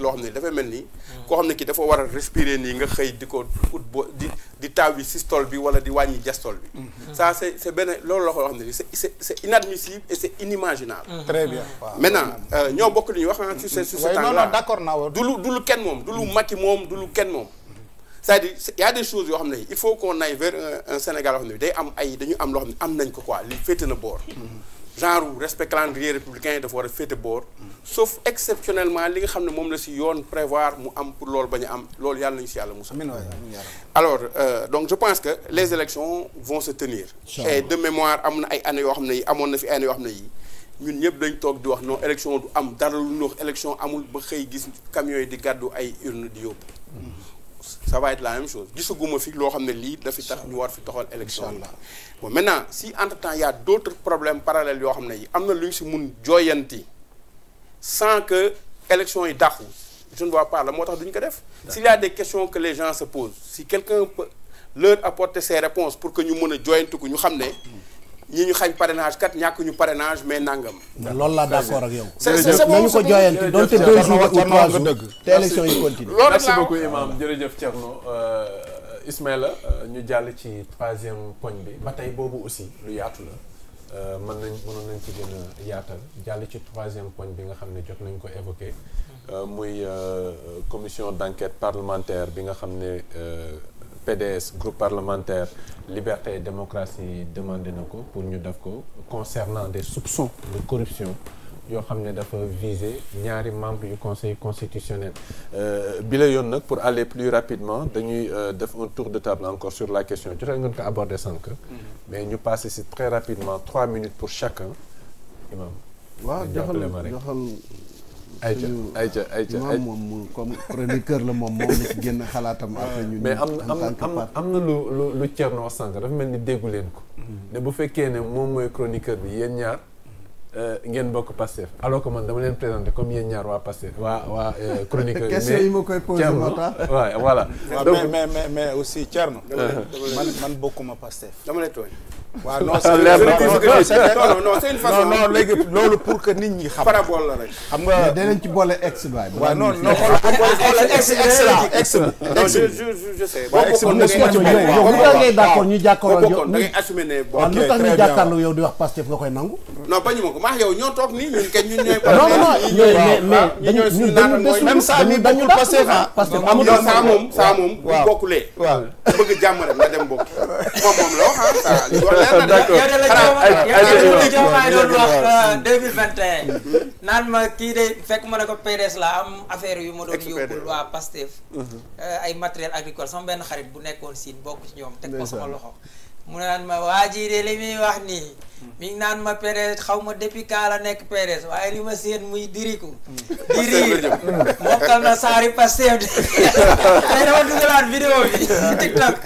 loo xam ne dafay mel ni. koo xam ne kii dafa war a respirer nii nga xëy di ko ut bo di di taw bi systole bi wala di wàññi diastole bi. Mm-hmm. ça c' est c' est benn loolu la ko ne c' est c' est inadmissible et c' est inimaginable. Mm-hmm. très euh, ñoo bokk li ñuy wax ah. sur ce sur ce temps là du lu du lu kenn moom du lu mm-hmm. Macky moom du lu kenn moom. c'est-à-dire y a yoo xam ne il faut qu'on aille vers un Sénégal yoo xam ne day am ay dañu am loo xam ne am nañ ko quoi li féete na boor. genre respect calendrier républicain dafa war a féete boor sauf exceptionnellement li nga xam ne moom la si yoon prévoir mu am pour loolu bañ a am loolu yàlla nañu si yàlla musa alors euh, donc je pense que les élections vont se tenir et de mémoire am na ay anne yoo xam ne yi amoon na fi ay années yoo xam ne yi ñun ñëpp dañ toog di wax non élection du am dara lu ñu wax amul ba xëy gis camions yi di gàddu ay urne di yóbbu mm-hmm. ça va être la même chose gisaguma fi loo xam ne lii dafi tax ñu war fi toxal élection allah bon maintenant si entre temps y a d' autres problèmes yoo xam ne yi am na lu ñu si mun jooyanti san que élection yi dàqu je ne vois pas moo tax duñ ko def s'il a des questions que les gens se posent si quelqu'un peut leur apporter ses réponses pour que ñu mën a jooyantiku ñu xam ne hmm. ñi ñu xañ parrainage kat ñàkk ñu parrainage mais nangam. loolu laa d'accord ak yow. jërëjëf nañu ko jooyanti donte doo jours ou trois jours te élection yi continue. loolu merci beaucoup jërëjëf Thierno euh, Ismaïla euh, ñu jàll ci troisième poñ bi ba tey boobu aussi lu yaatu la. Euh, mën nañ mënoon nañ ci gën a yaatal jàll ci troisième point bi nga xam ne jot nañ ko évoqué muy commission d'enquête parlementaire bi nga xam ne PDS groupe parlementaire liberté et démocratie demandé na ko pour ñu def ko concernant des soupçons de corruption yoo xam ne dafa viser ñaari membres yu conseil constitutionnel euh, bi la yoon nag pour aller plus rapidement dañuy euh, def un tour de table encore sur la question jotoon ngeen ko aborder sànq. Mm-hmm. mais ñu passé très rapidement trois minutes pour chacun imam waaw joxal joxal ayca ayca ayca moom moom comme chroniqueur la moom moom la ci génn xalaatam. après ñu mais am na am na lu lu lu Thierno wax sànq dafa mel ni déggu leen ko. Mm-hmm. ne bu fekkee ne moom mooy chroniqueur bi yéen ñaar euh, ngeen bokk Pastef alors ko man dama leen présenté comme yéen ñaar waa Pastef waa waa euh, euh, chroniqueur question yi ma koy posé moo tax waaw voilà. donc mais mais mais aussi Thierno. man man bokkuma Pastef. dama lay tooñ. waaw non c'est une façon non loolu pour que nit ñi xam. parabole la rek. xam nga danañ ci boole ex baay. waaw non non ex ex ñu jàkkaarloo yow. da ngay assumer yow di wax Pastef nga koy nangu. non bañu ma ko maa yow ñoo toog nii ñun kañ ñun ñooy. non non mais mais ñun saa parce que amul saa moom saa moom. waaw bu bokkulee. waaw bëgg jàmm rek nga dem bokk de doon wax 2021 euh, naan ma kii de fekk ma ne ko PDS la am affaire yu ma doon yóbbul waa Pastef mhm. euh, ay matériel agricole sama benn xarit bu nekkoon siin bokk ci ñoom teg ko sama loxo mu naan ma waa jii de li muy wax nii mi naan ma PDS xaw ma depuis kaa la nekk PDS waaye li ma seen muy diriku mm. diri mokkal na saari Pastef bi ah. TikTok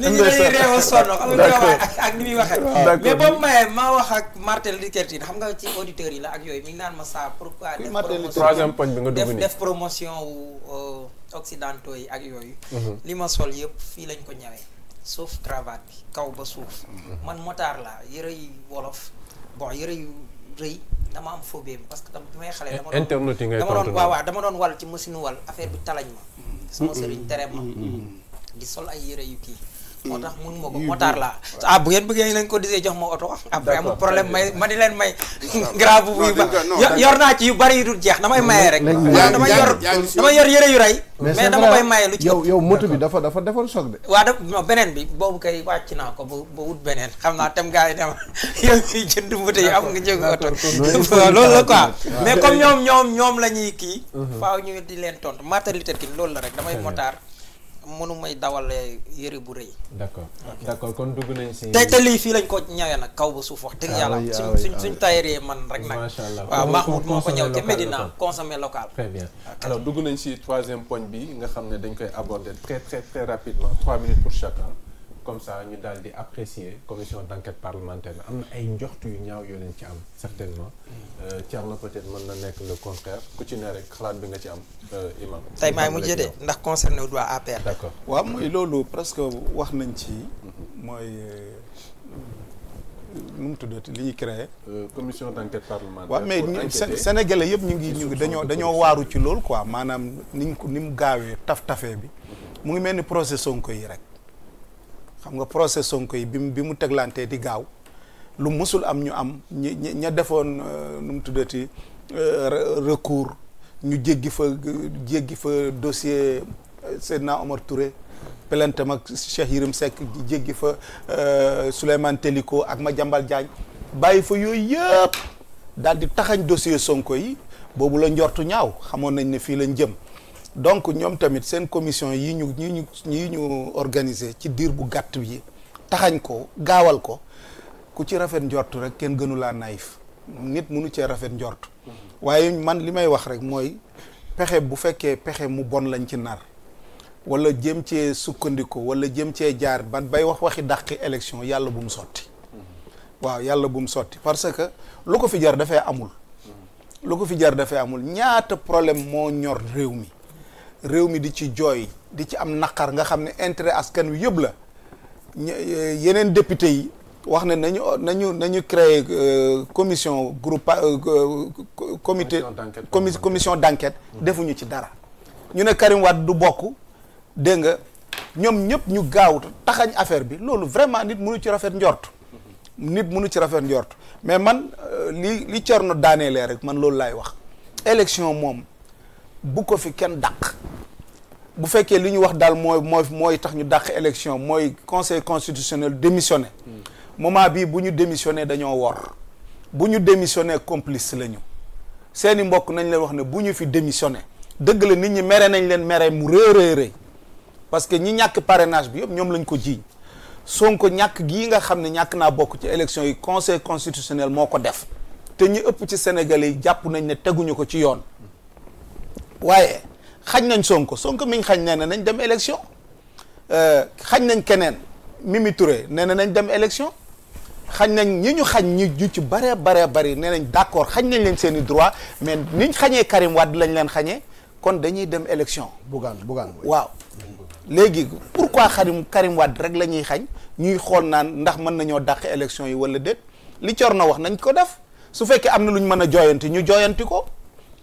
nit ñi a nga waay ak ni muy waxee mais boobu maa wax ak Martin Luther King xam nga ci auditeurs yi ak yooyu mi ngi naan ma saa pourquoi def promotion def def promotion wu euh, occidentaux yi ak yooyu mhm. li ma sol yëpp fii lañ ko ñawee suuf cravate bi kaw ba suuf. Mhm. man motaar laa yëre yu wolof bon yëre yu rëy dama am phobie bi parce que tam bi may xale. dama doon internet yi ngay dama doon waaw dama doon wal ci machine wal affaire bi talañ ma. Mm-hmm. sama sëriñ tere ma. Mm-hmm. di sol ay yëre yu kii. moo tax mun ma ko motard laa ah bu ngeen bëggee lañ ko disee jox ma oto après amul problème may ma di leen may grave bu buy ba yor naa ci yu bari yu dul jeex damay maye rek dama yor dama yor yëre yu rey mais dama koy maye lu ci yow yow moto bi dafa dafa defoon soog de waaw daf non bi boobu kay wàcc naa ko ba ba wut beneen xam naa tem gars yi dema yow ñuy jënd moto yi am nga jëg oto loolu la quoi mais comme ah. ñoom ñoom ñoom la ñuy kii uh-huh. faaw ñu di leen tontu matérialité ki loolu la rek damay motard mënu may dawal eh, yëre bu rëy. d' accord d' accord kon dugg nañ si. tey te lii fii lañ ko ñawee nag kaw ba suuf wax dëgg yàlla. suñ suñ suñ man rek nag. macha allah waaw Mahmoud moo ko ñëw te Medina consommé local. très bien alors dugg nañ si troisième point bi nga xam ne dañ koy aborder très très très rapidement trois minutes pour chacun. comme ça ñu daal di apprécier commission d' enquête parlementaire am na ay njoxtu yu ñaaw yoo leen ci am certainement euh, Thierno peut-être mën na nekk le contraire ku ci ne xalaat bi nga ci am euh, imam tey maay mujjee de ndax concerné wu waa APR d' accord waaw mooy loolu presque wax nañ ci mm-hmm. mooy euh, nu mu tuddati li ñuy créé. commission d' enquête parlementaire. waaw mais Sénégalais yëpp ñu ngi ñu ngi dañoo dañoo waaru ci loolu quoi maanaam ni ko ni mu gaawee taf tafee bi mm-hmm. mu ngi mel ni procès yi rek. xam nga procès Sonko yi bi mu bi mu teglantee di gaaw lu mësul am ñu am ña defoon euh, nu mu tuddati euh, recours ñu jéggi fa jéggi fa dossier euh, Seydina Omar Touré plainte ak Cheikh Yérim Seck jéggi fa Souleymane Teliko ak ma Madiambal Diagne bàyyi fa yooyu yëpp daal di taxañ dossier Sonko yi boobu la njortu ñaaw xamoon nañ ne fii lañ jëm donc ñoom tamit seen commission yi ñu ñi ñu ñi ñu organiser ci diir bu gàtt yi taxañ ko gaawal ko ku ci rafet njort rek kenn gënu laa naïf nit mënu cee rafet njort waaye man li may wax rek mooy pexe bu fekkee pexe mu bon lañ ci nar wala jëm cee sukkandiku wala jëm cee jaar ban bay wax waxi dàqi élection yàlla bu mu sotti waaw yàlla bu mu sotti parce que lu ko fi jar dafay amul lu ko fi jar dafay amul ñaata problème moo ñor réew mi réew mi di ci jooy di ci am naqar nga xam ne intérêt askan wi yëpp la yeneen député yi wax ne nañu nañu nañu créer euh, commission groupe euh, comité commission d'enquête mm-hmm. defuñu ci dara ñu ne Karim du bokk dégg nga ñoom ñëpp ñu gaaw taxañ affaire bi loolu vraiment nit mënu ci rafet njort mm-hmm. nit munu ci rafet njort mais man euh, li li Thierno daaneelee rek man loolu laay wax élection moom bu ko fi kenn dàq bu fekkee li ñu wax daal mooy mooy mooy tax ñu dàq élection mooy conseil constitutionnel démissionné mm. moment bii bu ñu démissionné dañoo wor bu ñu démissionné complice la ñu seeni mbokk nañ leen wax ne bu ñu fi démissionné dëgg la nit ñi mere nañ leen mere mu rëy rëy parce que ñi ñàkk parrainage bi yëpp ñoom lañ ko jiiñ Sonko ñàkk gii nga xam ne ñàkk naa bokk ci élection yi conseil constitutionnel moo ko def te ñu ëpp ci Sénégal yi jàpp nañ ne teguñu ko ci yoon waaye xañ nañ sonk sonk mi ngi xañ nee na nañ dem élection euh, xañ nañ keneen Mimi Touré nee na nañ dem élection xañ nañ ñi ñu xañ ñi ñu ci bare bare bari nee nañ d'accord xañ nañ leen seen i droit mais niñ xañee Karim Wade lañ leen xañee kon dañuy dem élection. Bougane Bougane waaw. léegi pourquoi Karim Karim Wade rek la ñuy xañ ñuy xool naan ndax mën nañoo dàq élection yi wala déet li Thierno wax nañ ko def su fekkee am na lu ñu mën a jooyanti ñu jooyanti ko.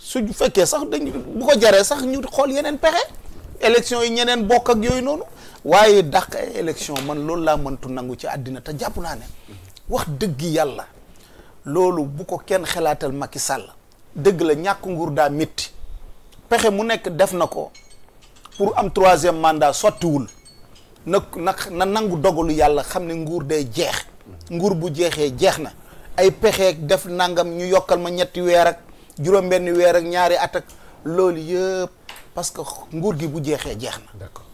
su fekkee sax dañ bu ko jaree sax ñu xool yeneen pexe élection yi ñeneen bokk ak yooyu noonu waaye dàq ay élection man loolu laa mëntu nangu ci àddina te jàpp naa ne wax dëgg yàlla loolu bu ko kenn xalaatal Macky sàll dëgg la ñàkk nguur daa métti pexe mu nekk def na ko pour am troisième mandat sottiwul na nag na nangu dogalu yàlla xam ne nguur day jeex nguur bu jeexee jeex na ay pexeeg def nangam ñu yokkal ma ñetti weer ak juróom benn weer ak ñaari at ak loolu yëpp parce que nguur gi bu jeexee jeex na. d'accord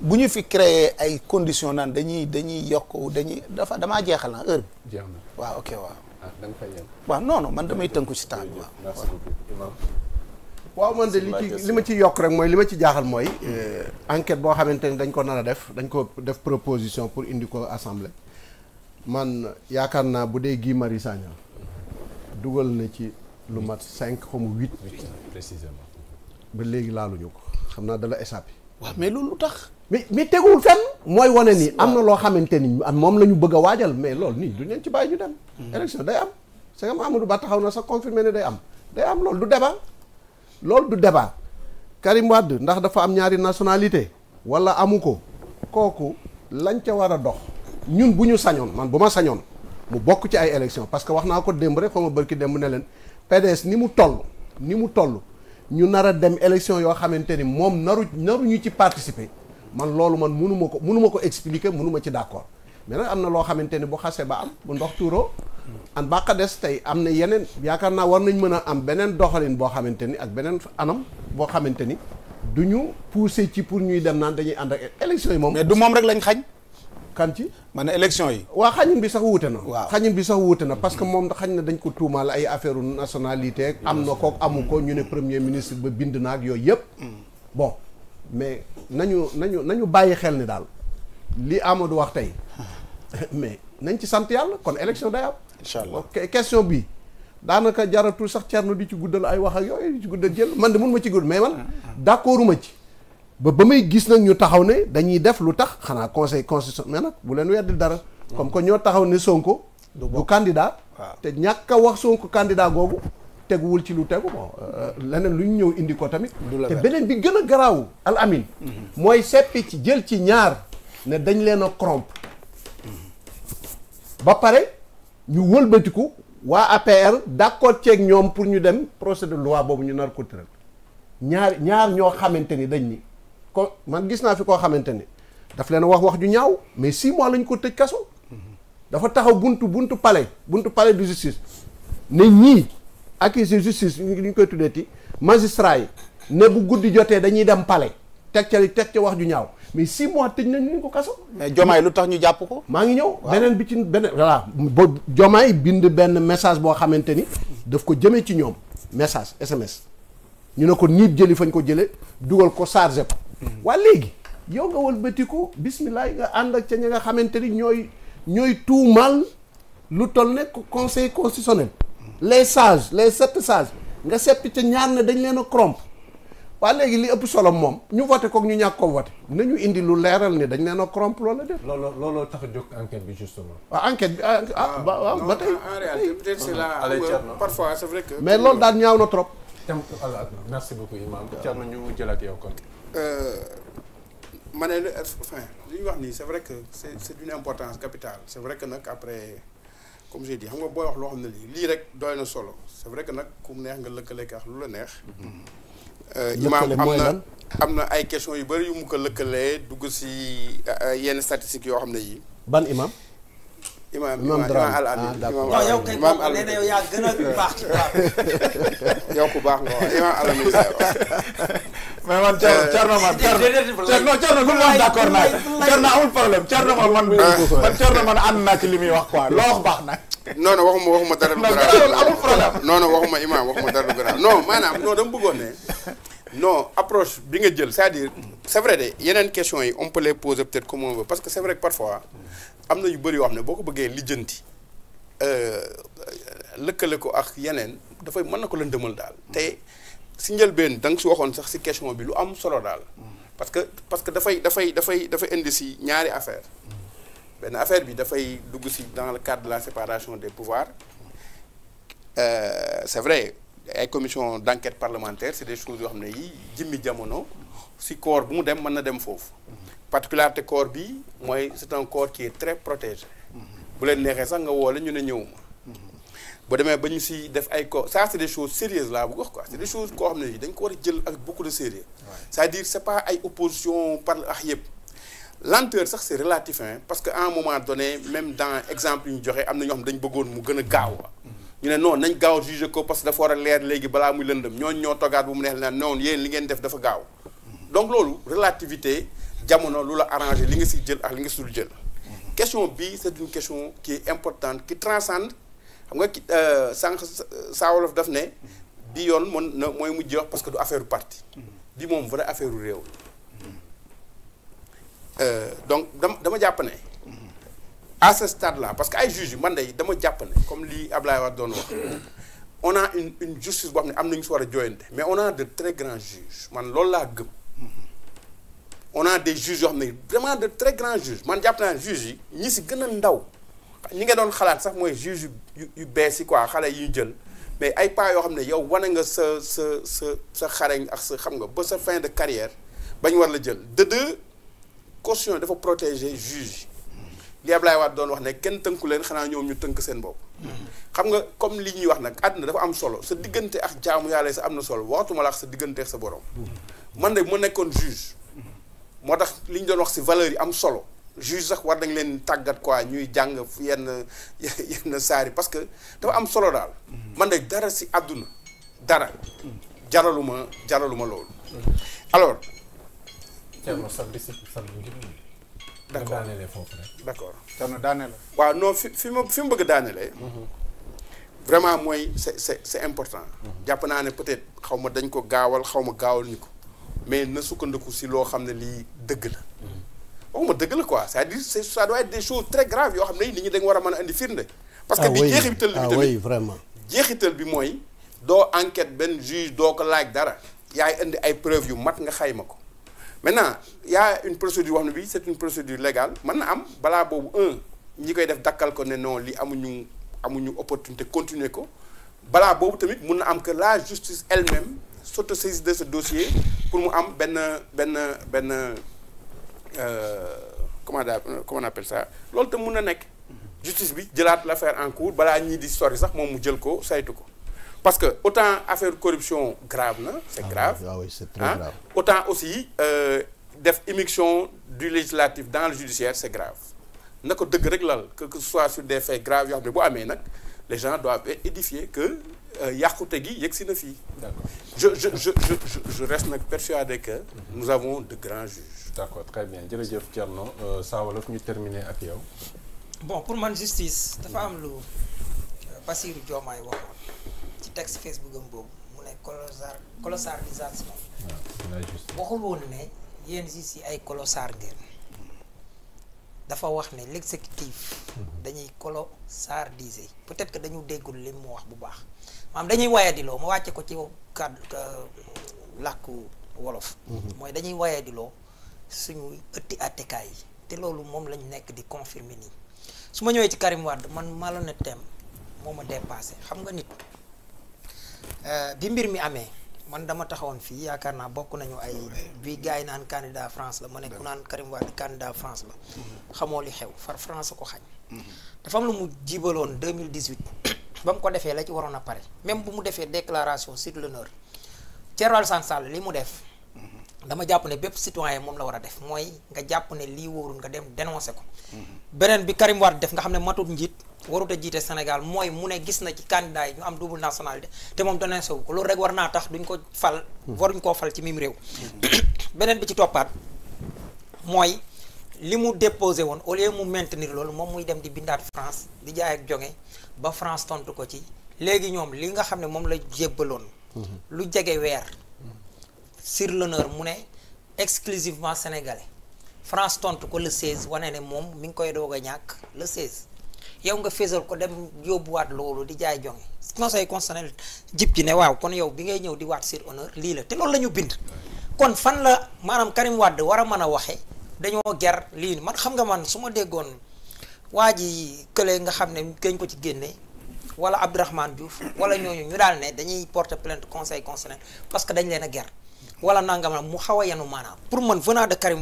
bu ñu fi créer ay conditions naan dañuy dañuy yokk dañuy dafa damaa jeexal na heure jeex na waaw ok waaw. ah da nga man damay tënku ci temps bi waaw. man de li ci li ma ci yokk rek mooy li ma ci jaaxal mooy. Euh, enquête boo xamante ni dañ ko nar a def dañ ko def proposition pour indi ko assemblée. man yaakaar naa bu dee Guy Marius Sagna dugal na ci lu mat cinq xamu huit. précisément. ba léegi laalu ñu ko xam naa dala échappé. waaw mais loolu lu tax. mais mi teguwul fenn. mooy wane ni am na loo xamante ni moom la ñu bëgg a waajal mais loolu nii du neen ci bàyyi ñu dem. Hmm. élection day am c'est que Amadou Ba taxaw na sax confirmé ne day am day am loolu du débat loolu du débat Karim wadd ndax dafa am ñaari nationalité wala amu ko kooku lañ ca war a dox ñun bu ñu sañoon man bu ma sañoon. mu bokk ci ay élections parce que wax naa ko démb rek xaw ma bërki démb ne leen PDS ni mu toll ni mu toll ñu nar a dem élection yoo xamante ni moom naru naruñu ci participer man loolu man munu ko munu ko expliquer munuma ma ci d'accord mais nag am na loo xamante ni bu xasee ba am bu ndox tuuroo an baax des tey am na yeneen yaakaar naa war nañ mën a am beneen doxalin boo xamante ni ak beneen anam boo xamante ni du ñu pousser ci pour ñuy dem naan dañu ànd ak élection yi moom. mais du moom rek lañ xañ. kan ci ma ne élection yi waa xañin bi sax wuute na waaw xañin bi sax wuute na parce que moom xañ na dañ ko tuumaal ay affaire nationalité am na ko amu ko ñu ne premier ministre ba bind na ak yooyu yëpp mm. bo mais nañu nañu nañu bàyyi xel ni daal li Amadou wax tey mais nañ ci sant yàlla kon élection day am incha allah question bi daanaka jaratul sax Thierno du ci guddal ay wax ak yooyu di ci guddal jël man de mun ma ci gudd mais man ah, ah. d'accorduma ci ba ba may gis nag ñu taxaw ne dañuy def lu tax xanaa conseil constitutionnel nag bu leen weddi dara. comme que ñoo taxaw ne Sonko. du candidat te ñàkk a wax sonk candidat googu teguwul ci lu tegu euh, euh, leneen lu ñu ñëw indi ko tamit. te beneen bi gën a garaaw al amin. Mm-hmm. mooy seppi ci jël ci ñaar ne dañ leen a corrompre. Mm-hmm. ba pare ñu wëlbatiku waa APR d'accord ceeg ñoom pour ñu dem procès de loi boobu ñu nar ko ñaar ñaar ñoo xamante ni dañ ni. ko man gis naa fi koo xamante ne daf leen wax wax ju ñaaw mais six mois lañ ko tëj kaso. dafa taxaw buntu buntu palais buntu palais de justice ne ñii accusé justice ñu koy tuddee ti magistrat yi ne bu guddi jotee dañuy dem palais teg ca teg wax ju ñaaw mais six mois tëj nañ ñu ko kaso. mais jomaay lu tax ñu jàpp ko. maa ngi ñëw beneen bi ci beneen voilà ba jomaay bind benn message boo xamante ni daf ko jëmee ci ñoom message SMS ñu ne ko niib jëli fañ ko jëlee dugal ko chargé ko. Mm-hmm. waa léegi yow nga wëlbatiku bismillah nga ànd ak ca ña nga xamante ni ñooy ñooy tuumal lu toll ne conseil constitutionnel. Mm-hmm. les sages les sept sages nga seppi ca ñaar ne dañ leen a corrompre waa léegi li ëpp solo moom ñu voté kook ñu ñàkk ko voté nañu indi lu leeral ne dañ leen a corrompre loola def looloo tax a jóg enquête bi justement ah enquête bi ah, ah, ah ba tey en réalité peut-être c'est ah, mais loolu daal ñaaw na trop merci beaucoup imam Thierno Euh, ma ne enfin li ñuy wax nii c'est vrai que c'est c'est d'une importance capitale c'est vrai que nag après comme j'ai dit xam nga booy wax loo xam ne lii lii rek doy na solo c'est vrai que nag ku neex nga lëkkale ak lu la neex. Euh, imaam am na am na ay questions yu bëri yu mu ko lëkkalee dugg si euh, yenn statistiques yoo xam ne yi ban imaam. imaam imaam imaam al ah, yaa gën a baax ci baax. yow ku baax nga wax imaam al amin mais man Thierno euh, man Thierno Thierno lu mu wax d'accord naa Thierno amul problème Thierno man man ah. man Thierno man ànd naa li muy wax quoi loo wax baax na. non non waxuma waxuma dara lu grave amul problème non maanaam non dama bëggoon ne non approche bi nga jël c'est-à-dire c'est vrai de yeneen questions yi on peut les comme on veut parce que c'est vrai que parfois am na yu bëri yoo xam ne boo ko bëggee lijjanti euh, lëkkale ko ak yeneen dafay mën na ko lëndëmal daal te si njëlbeen da nga si waxoon sax si question bi lu am solo daal. parce que parce que dafay dafay dafay dafay indi si ñaari affaire benn affaire bi dafay dugg si dans le cadre de la séparation des pouvoirs euh, c'est vrai ay commission d'enquête parlementaire c'est des choses yoo xam ne yi jimmi jamono si corps bu mu dem mën na dem foofu. particularité corps bi mooy c'est un corps qui très protégé. bu leen neexee sax nga woole ñu ne ñëwuma. boo demee ba ñu si def ay ko ça c' est des choses laa bu wax ko c' est des choses koo xam ne yi dañ ko war a jël avec beaucoup de sérieux c' est à dire c' est pas ay opposition par ax yëpp lenteur sax c' est parce que en moment donné même dans exemple yu ñu joxe am na ñoo bëggoon mu gën a gaaw mm-hmm. ñu ne non nañ gaaw juger ko parce que dafa war a leer léegi balaa muy lëndëm ñooñu ñoo togaat bu mu neex leen noonu yéen li ngeen def dafa gaaw mm-hmm. donc loolu relativité jamono lu la arrangé li nga si jël ak li nga sul jël mm-hmm. question bi c' est une question qui est importante qui transcende xam nga ki euh, sànq Saa Wolof daf ne bi yoon mën na mooy mujj wax parce que du affaire parti bi moom vrai affaire réew euh, donc dama dama jàpp ne à ce stade là parce que ay juges man de dama jàpp ne comme li Ablaye Wade doon wax on a une une justice boo xam ne am nañu si war a jooyante mais on a de très grands juges man loolu laa gëm on a des juges yoo xam ne vraiment de très grands juges man jàpp naa juges yi ñi si gën a ndaw ñi nga doon xalaat sax mooy juge yu yu bees yi quoi xale yuy jël mais ay pas yoo xam ne yow wane nga sa sa sa sa xarañ ak sa xam nga ba sa fin de carrière bañ war la jël de costion dafa protéger juge li Ablaye Wade doon wax ne kenn tënku leen xanaa ñoom ñu tënk seen bopp. xam nga comme li ñuy wax nag àdduna dafa am solo sa diggante ak jaamu yàlla sa am na solo waxtuma la ak sa diggante ak sa borom. man de mu nekkoon juge. moo tax li ñu doon wax ci valeur yi am solo. juge sax war nañ leen tàggat quoi ñuy jàng yenn yenn saari parce que dafa am solo daal. Mm-hmm. man de dara si àdduna dara. jaraluma jaraluma loolu. Mm-hmm. alors. Thierno sàbbi si d' accord d' accord. Thierno daanele. waaw non fi fi ma fi mu bëgg a daanelee. Mm-hmm. vraiment mooy c' est est est important. jàpp naa ne peut xaw ma dañ ko gaawal xaw ma gaawal ñu ko mais na sukkandiku si loo xam ne lii dëgg la. waxuma dëgg la quoi c'est-à-dire ça doit être des choses très graves yoo xam ne nit ñi da war a mën a andi firnde. parce que ah bi jeexital bi ah tamit vraiment. jeexital bi mooy doo enquête benn juge doo ko laaj dara. yaay indi ay preuves yu mat nga xayma ko maintenant y une procédure wax ne bi c'est une procédure légal mën na am balaa boobu un ñi koy def dakkal ko ne non li amuñu amuñu opportunité continuer ko balaa boobu tamit mun na am que la justice elle-même s'autosaisisse de ce dossier pour mu am benn benn benn. Euh, comment daa comment on appelle ça loolu tam mun na nekk justice bi jëlaat la l'affaire en cours balaa ñii di sori sax moom mu jël ko saytu ko parce que autant affaire corruption grave na c'est ah grave ah oui c'est très grave autant aussi euh, def immixtion du législatif dans le judiciaire c'est grave na ko dëgg rek lal que que ce soit sur des faits graves yoo xam ne bu amee nag les gens doivent être édifiés que euh, yàqute gi yegg si na fii je je je je je reste nag persuadé que nous avons de grands d' accord très bien jërëjëf Thierno euh, Sawa la ñu terminer ak yow. bon pour man justice. dafa am lu euh, Bassirou Diomaye waxoon ci texte Facebook am boobu mu ne colossar colossalisation. waxul woon ne yéen si si ay colossar ngeen. dafa wax ne l' exécutif. Mm-hmm. dañuy colossardiser peut être que dañu déggul li mu wax bu baax maam dañuy diloo ma wàcce ko ci kàddu euh, làkku wolof. Mm-hmm. mooy dañuy diloo suñu ëtti àttekaay yi te loolu moom lañ nekk di confirmer nii su ma ñëwee ci Karim Wade man malhonnêteté moo ma dépassé xam nga nit euh, bi mbir mi amee man dama taxawoon fii yaakaar naa bokk nañu ay bi gars yi naan candidat France la ma ne ku naan Karim Wade candidat France la mhm. xamoo li xew far France ko xañ mhm. dafa am lu mu jibaloon 2018 ba mu ko defee la ci waroon a pare même bu mu defee déclaration sur l'honneur Thierno Alassane Sall li mu def dama jàpp ne bépp citoyen moom la war a def mooy nga jàpp ne lii wóorul nga dem dénoncé ko. beneen bi Karim Wade def nga xam ne matut njiit warut a jiite Sénégal mooy mu ne gis na ci candidat yi ñu am double nationalité te moom dénoncé wu ko loolu rek war naa tax duñ ko fal. waruñ koo fal ci mim réew. beneen bi ci toppaat mooy li mu déposé woon au lieu mu maintenir loolu moom muy dem di bindaat France di jaay ak jonge ba France tontu ko ci léegi ñoom li nga xam ne moom la jébbaloon. Mm-hmm. lu sur l'honneur mu ne exclusivement sénégalais France tontu ko le 16 wane ne moom mi ngi koy doog ñàkk le 16 yow nga fésal ko dem yóbbuwaat loolu di jaay jonge conseil constitutionnel jib ci ne waaw kon yow bi ngay ñëw di waat sur honneur lii la te loolu la ñu bind kon fan la maanaam Karim Wade war a mën a waxe dañoo ger lii man xam nga man su ma déggoon waa ji kële nga xam ne gañ ko ci génne wala Abdourahmane Diouf wala ñooñu ñu daal ne dañuy porter plainte conseil constitutionnel parce que dañ leen a ger wala nangam mu xaw a yanu maanaam pour man venant de Karim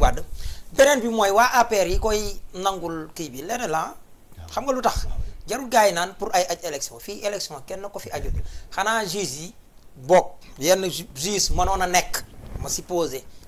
beneen bi mooy waa APR yi koy nangul kii bi leneen la xam nga lu tax jarul gars yi naan pour ay aj élection fii élection kenn ko fi ajut xanaa juge yi bokk yenn juge mënoon a nekk ma supposé